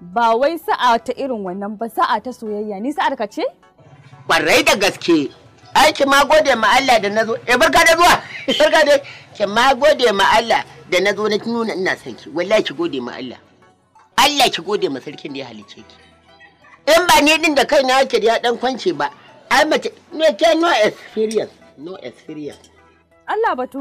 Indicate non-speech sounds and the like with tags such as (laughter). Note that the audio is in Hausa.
ba wai sa'a ta irin wannan ba sa'a ta soyayya ni sa'ar ka ce? Barai da gaske. Aiki ma gode ma Allah da na zo. E barka da zuwa. (laughs) Barka da ki ma gode ma Allah da na zo na nuna ina son ki. Wallahi ki gode ma Allah. Allah ki gode ma sarkin da ya halice ki. In ba ni din da kai na yake da dan kwance ba. Ai mace ke no experience. No experience. Allah batu